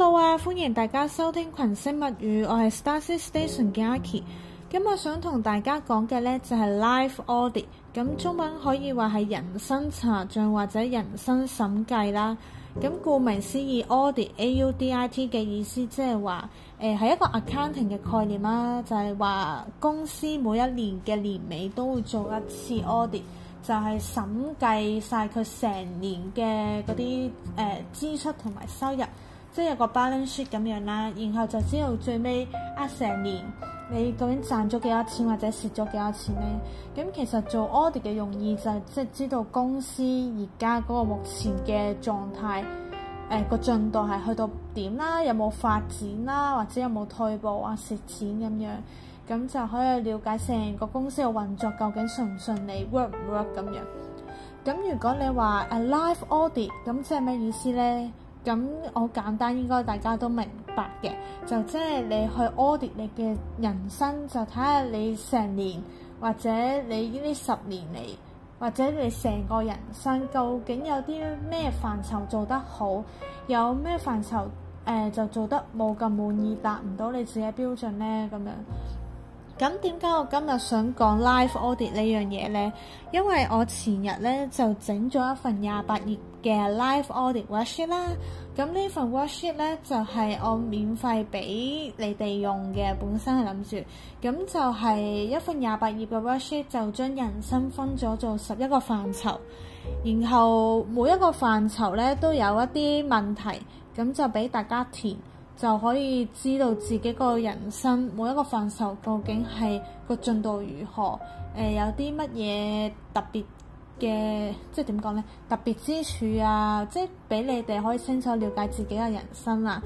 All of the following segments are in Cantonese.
好啊！Hello，歡迎大家收聽《群星物語》，我 St ki，嗯，我係 Stacy Station 嘅 Aki。今日想同大家講嘅呢就係 Life Audit，嗯。咁中文可以話係人生查賬或者人生審計啦。咁、嗯、顧名思義，Audit（A-U-D-I-T） 嘅意思即係話誒係一個 accounting 嘅概念啦，就係、是、話公司每一年嘅年尾都會做一次 audit，就係審計晒佢成年嘅嗰啲誒支出同埋收入。即係有個 balance sheet 咁樣啦，然後就知道最尾呃成年你究竟賺咗幾多錢或者蝕咗幾多錢咧？咁其實做 audit 嘅用意就係、是、即係知道公司而家嗰個目前嘅狀態，誒、呃、個進度係去到點啦，有冇發展啦、啊，或者有冇退步啊蝕錢咁樣，咁就可以了解成個公司嘅運作究竟順唔順利，work 唔 work 咁樣。咁如果你話 life、啊、audit，咁即係咩意思咧？咁我簡單應該大家都明白嘅，就即係你去 audit 你嘅人生，就睇下你成年或者你呢十年嚟，或者你成個人生究竟有啲咩範疇做得好，有咩範疇誒、呃、就做得冇咁滿意，達唔到你自己標準呢？咁樣。咁點解我今日想講 life audit 呢樣嘢呢？因為我前日咧就整咗一份廿八頁嘅 life audit worksheet 啦。咁呢份 worksheet 咧就係、是、我免費俾你哋用嘅，本身係諗住，咁就係一份廿八頁嘅 worksheet 就將人生分咗做十一個範疇，然後每一個範疇咧都有一啲問題，咁就俾大家填。就可以知道自己個人生每一個範疇究竟係個進度如何，誒、呃、有啲乜嘢特別嘅，即係點講呢？特別之處啊，即係俾你哋可以清楚了解自己嘅人生啦、啊。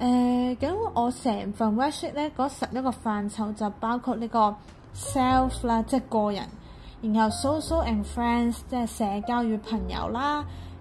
誒、呃，咁我成份 worksheet 咧，嗰十一個範疇就包括呢個 self 啦，即係個人，然後 social and friends，即係社交與朋友啦。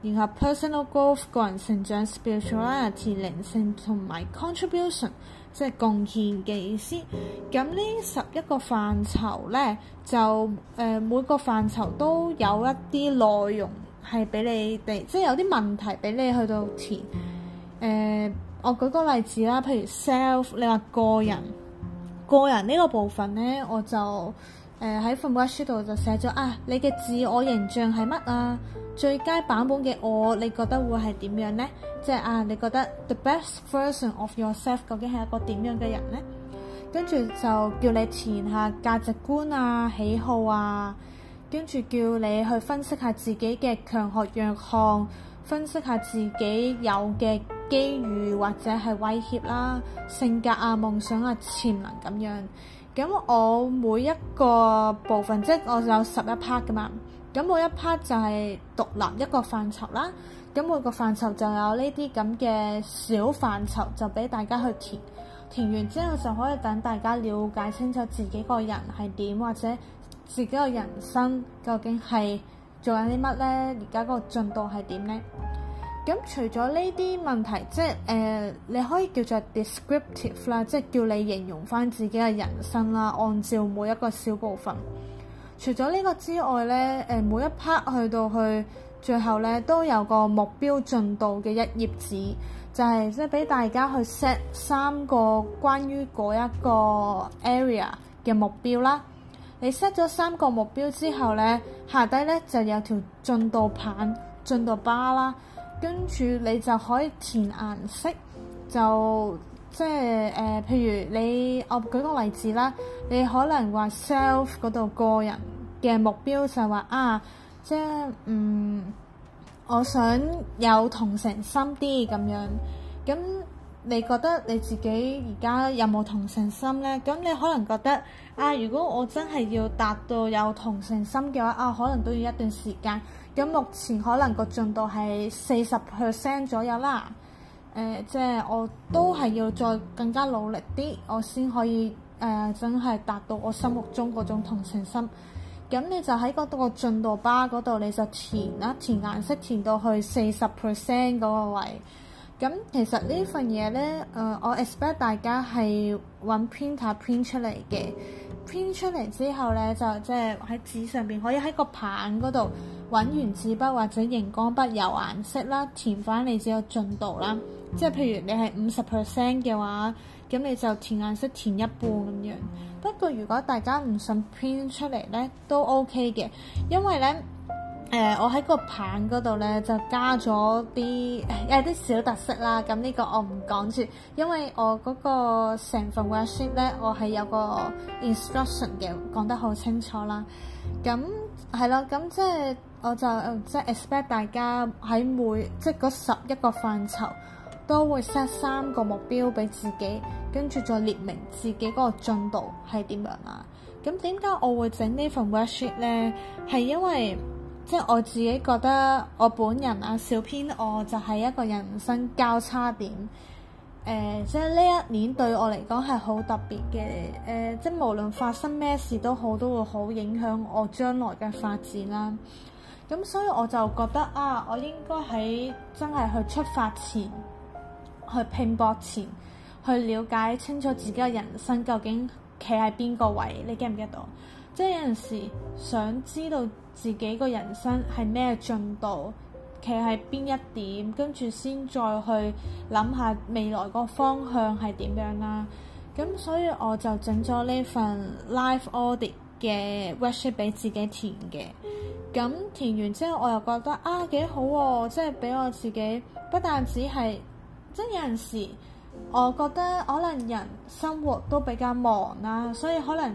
然後 personal growth 個人成長 spirituality 靈性同埋 contribution 即係貢獻嘅意思，咁呢十一個範疇咧就誒、呃、每個範疇都有一啲內容係俾你哋，即係有啲問題俾你去到填。誒、呃，我舉個例子啦，譬如 self 你話個人個人呢個部分咧，我就誒喺、呃、form 度就寫咗啊，你嘅自我形象係乜啊？最佳版本嘅我，你覺得會係點樣呢？即係啊，你覺得 the best version of yourself 究竟係一個點樣嘅人呢？跟住就叫你填下價值觀啊、喜好啊，跟住叫你去分析下自己嘅強項、弱項，分析下自己有嘅機遇或者係威脅啦、性格啊、夢想啊、潛能咁樣。咁我每一個部分即係我有十一 part 噶嘛。咁每一 part 就係獨立一個範疇啦，咁每個範疇就有呢啲咁嘅小範疇，就俾大家去填，填完之後就可以等大家了解清楚自己個人係點，或者自己嘅人生究竟係做緊啲乜呢？而家個進度係點呢？咁除咗呢啲問題，即係誒、呃，你可以叫做 descriptive 啦，即係叫你形容翻自己嘅人生啦，按照每一個小部分。除咗呢個之外呢，誒每一 part 去到去最後呢，都有個目標進度嘅一頁紙，就係即係俾大家去 set 三個關於嗰一個 area 嘅目標啦。你 set 咗三個目標之後呢，下底呢就有條進度棒、進度 bar 啦，跟住你就可以填顏色，就即係誒，譬如你我舉個例子啦，你可能話 self 嗰度個人，嘅目標就係話啊，即、就、係、是、嗯，我想有同情心啲咁樣。咁你覺得你自己而家有冇同情心呢？咁你可能覺得啊，如果我真係要達到有同情心嘅話，啊，可能都要一段時間。咁目前可能個進度係四十 percent 左右啦。誒、呃，即、就、係、是、我都係要再更加努力啲，我先可以誒、呃、真係達到我心目中嗰種同情心。咁你就喺嗰個進度 bar 嗰度，你就填啦，填顏色，填到去四十 percent 嗰個位。咁其實份呢份嘢咧，誒、呃，我 expect 大家係揾 printer print 出嚟嘅。Print、mm hmm. 出嚟之後咧，就即係喺紙上邊可以喺個棒嗰度揾圓珠筆或者熒光筆油顏色啦，填翻你自己嘅進度啦。即係、mm hmm. 譬如你係五十 percent 嘅話。咁你就填顏色填一半咁樣。不過如果大家唔想 print 出嚟咧，都 OK 嘅，因為咧，誒、呃、我喺個棒嗰度咧就加咗啲誒啲小特色啦。咁、這、呢個我唔講住，因為我嗰個成份 worksheet 咧，我係有個 instruction 嘅，講得好清楚啦。咁係咯，咁即係我就即係 expect 大家喺每即係嗰十一個範疇。都會 set 三個目標俾自己，跟住再列明自己嗰個進度係點樣啦。咁點解我會整呢份 worksheet 呢？係因為即係我自己覺得我本人啊，小編我就係一個人生交叉點。誒、呃，即係呢一年對我嚟講係好特別嘅。誒、呃，即係無論發生咩事都好，都會好影響我將來嘅發展啦。咁所以我就覺得啊，我應該喺真係去出發前。去拼搏前，去了解清楚自己嘅人生究竟企喺邊個位？你記唔記得到？即係有陣時，想知道自己個人生係咩進度，企喺邊一點，跟住先再去諗下未來個方向係點樣啦、啊。咁所以我就整咗呢份 Life Audit 嘅 worksheet 俾自己填嘅。咁填完之後，我又覺得啊幾好啊，即係俾我自己不但止係。真有陣時，我覺得可能人生活都比較忙啦、啊，所以可能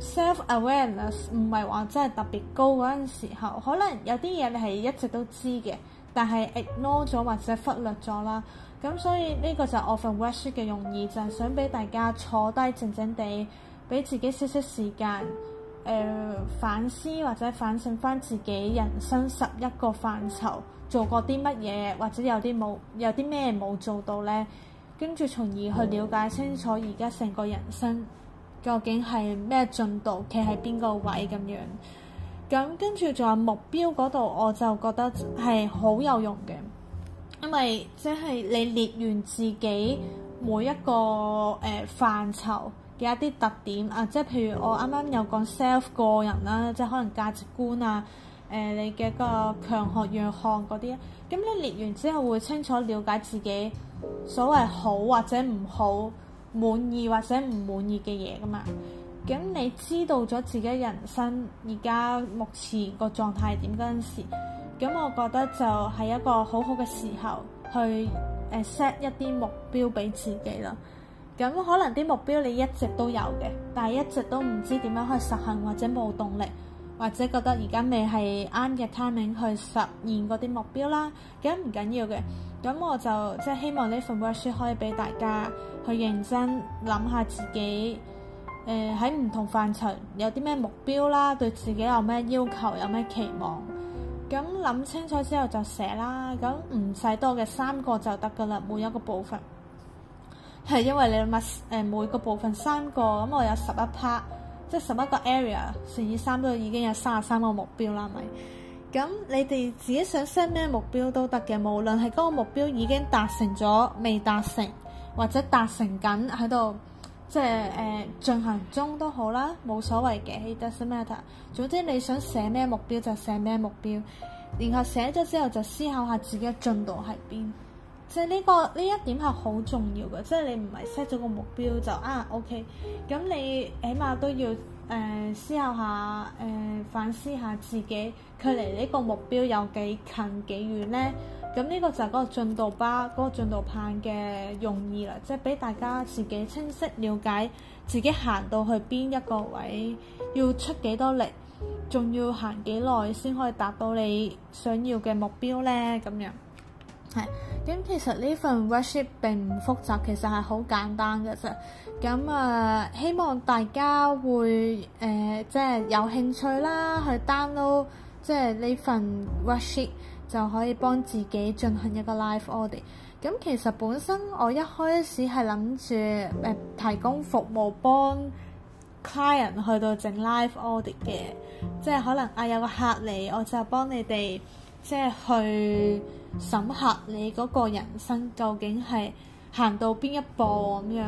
self-awareness 唔係話真係特別高嗰陣時候，可能有啲嘢你係一直都知嘅，但係 ignore 咗或者忽略咗啦。咁所以呢個就我份 worksheet 嘅用意就係、是、想俾大家坐低靜靜地，俾自己少少時間，誒、呃、反思或者反省返自己人生十一個範疇。做過啲乜嘢，或者有啲冇，有啲咩冇做到呢？跟住從而去了解清楚而家成個人生究竟係咩進度，企喺邊個位咁樣。咁跟住仲有目標嗰度，我就覺得係好有用嘅，因為即係你列完自己每一個誒、呃、範疇嘅一啲特點啊，即係譬如我啱啱有講 self 個人啦、啊，即係可能價值觀啊。誒、呃、你嘅個強項弱項嗰啲，咁你列完之後會清楚了解自己所謂好或者唔好、滿意或者唔滿意嘅嘢噶嘛？咁你知道咗自己人生而家目前個狀態係點嗰陣時，咁我覺得就係一個好好嘅時候去誒 set、呃、一啲目標俾自己啦。咁可能啲目標你一直都有嘅，但係一直都唔知點樣去實行或者冇動力。或者覺得而家未係啱嘅 timing 去實現嗰啲目標啦，咁唔緊要嘅。咁我就即係希望呢份 worksheet 可以俾大家去認真諗下自己誒喺唔同範疇有啲咩目標啦，對自己有咩要求，有咩期望。咁諗清楚之後就寫啦。咁唔使多嘅三個就得㗎啦。每一個部分係因為你物，誒、呃、每個部分三個，咁我有十一 part。即係十一個 area 乘以三都已經有三十三個目標啦，咪咁你哋自己想 set 咩目標都得嘅，無論係嗰個目標已經達成咗、未達成或者達成緊喺度，即係誒進行中都好啦，冇所謂嘅，It doesn't matter，總之你想寫咩目標就寫咩目標，然後寫咗之後就思考下自己嘅進度喺邊。即係呢個呢一點係好重要嘅，即係你唔係 set 咗個目標就啊 OK，咁你起碼都要誒、呃、思考下誒、呃、反思下自己距離呢個目標有幾近幾遠呢。咁呢個就係嗰個進度吧，嗰、嗰個進度棒嘅用意啦，即係俾大家自己清晰了解自己行到去邊一個位，要出幾多力，仲要行幾耐先可以達到你想要嘅目標呢？咁樣。係，咁、嗯、其實呢份 worksheet 並唔複雜，其實係好簡單嘅啫。咁、嗯、啊，希望大家會誒、呃、即係有興趣啦，去 download 即係呢份 worksheet 就可以幫自己進行一個 life audit。咁、嗯、其實本身我一開始係諗住誒提供服務幫 client 去到整 life audit 嘅，即係可能啊有個客嚟，我就幫你哋。即係去審核你嗰個人生究竟係行到邊一步咁樣，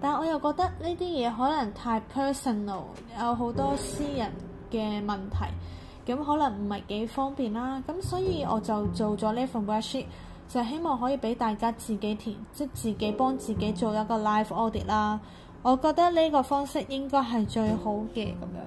但係我又覺得呢啲嘢可能太 personal，有好多私人嘅問題，咁可能唔係幾方便啦。咁所以我就做咗呢份 worksheet，就希望可以俾大家自己填，即係自己幫自己做一個 life audit 啦。我覺得呢個方式應該係最好嘅咁樣。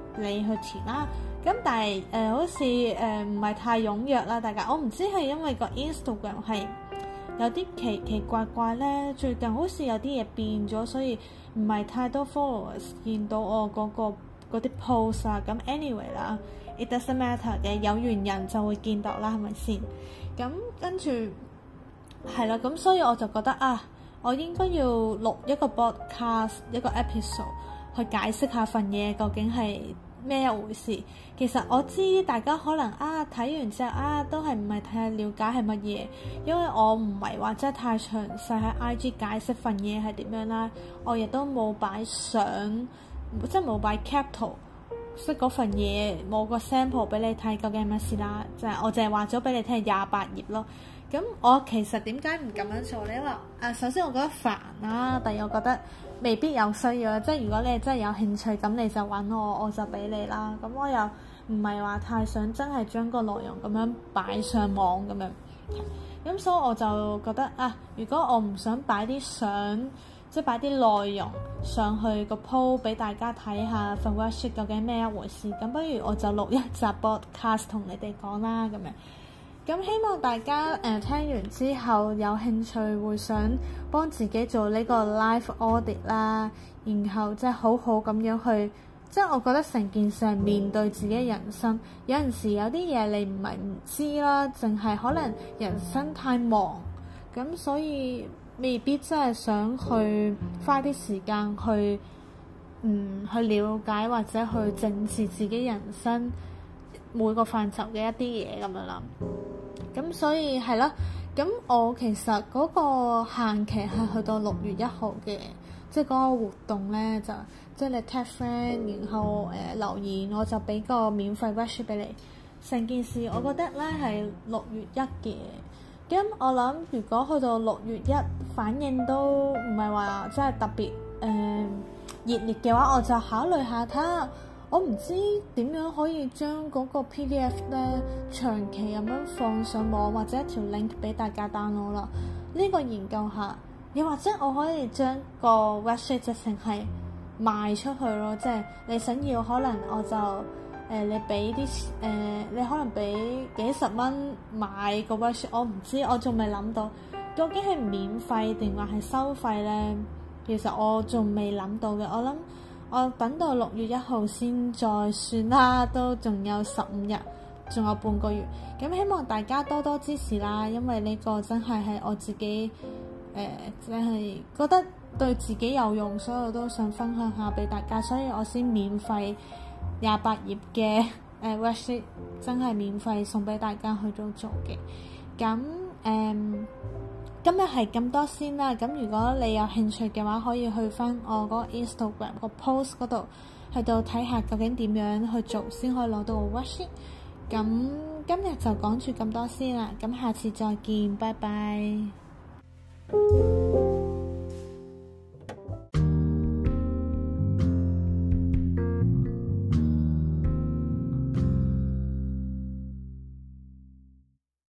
你去填啦，咁但係誒、呃、好似誒唔係太踴躍啦，大家，我唔知係因為個 Instagram 係有啲奇奇怪怪咧，最近好似有啲嘢變咗，所以唔係太多 followers 見到我嗰、嗰個嗰啲 post 啊。咁 anyway 啦，it doesn't matter 嘅，有緣人就會見到啦，係咪先？咁跟住係啦，咁所以我就覺得啊，我應該要錄一個 broadcast 一個 episode。去解釋下份嘢究竟係咩一回事？其實我知大家可能啊睇完之後啊都係唔係太了解係乜嘢，因為我唔係話真係太詳細喺 IG 解釋份嘢係點樣啦，我亦都冇擺相，即係冇擺 cap 圖，即係嗰份嘢冇個 sample 俾你睇究竟係乜事啦，就係、是、我凈係話咗俾你聽廿八頁咯。咁我其實點解唔咁樣做咧？因為啊，首先我覺得煩啦，第二我覺得。未必有需要啊，即係如果你真係有興趣，咁你就揾我，我就俾你啦。咁我又唔係話太想真係將個內容咁樣擺上網咁樣，咁所以我就覺得啊，如果我唔想擺啲相，即係擺啲內容上去個 po 俾大家睇下份 worksheet 究竟咩一回事，咁不如我就錄一集 podcast 同你哋講啦咁樣。咁希望大家誒聽完之後有興趣會想幫自己做呢個 life audit 啦，然後即係好好咁樣去，即係我覺得成件事係面對自己人生，有陣時有啲嘢你唔係唔知啦，淨係可能人生太忙，咁所以未必真係想去花啲時間去，嗯去了解或者去正視自己人生。每個範疇嘅一啲嘢咁樣啦，咁所以係啦，咁我其實嗰個限期係去到六月一號嘅，即係嗰個活動呢，就即係、就是、你 tag friend，然後誒、呃、留言，我就俾個免費 worksheet 俾你。成、嗯、件事我覺得呢係六月一嘅，咁我諗如果去到六月一反應都唔係話即係特別誒、呃、熱烈嘅話，我就考慮下啦。我唔知點樣可以將嗰個 PDF 咧長期咁樣放上網，或者一條 link 俾大家 download 啦。呢、這個研究下，你或者我可以將個 website 直情係賣出去咯，即係你想要，可能我就誒、呃、你俾啲誒，你可能俾幾十蚊買個 website，我唔知，我仲未諗到究竟係免費定話係收費咧。其實我仲未諗到嘅，我諗。我等到六月一號先再算啦，都仲有十五日，仲有半個月。咁希望大家多多支持啦，因為呢個真係係我自己誒，即、呃、係覺得對自己有用，所以我都想分享下俾大家，所以我先免費廿八頁嘅誒 worksheet 真係免費送俾大家去度做嘅。咁誒。嗯今日係咁多先啦，咁如果你有興趣嘅話，可以去翻我嗰個 Instagram 個 post 嗰度，去到睇下究竟點樣去做先可以攞到個 worksheet。咁今日就講住咁多先啦，咁下次再見，拜拜。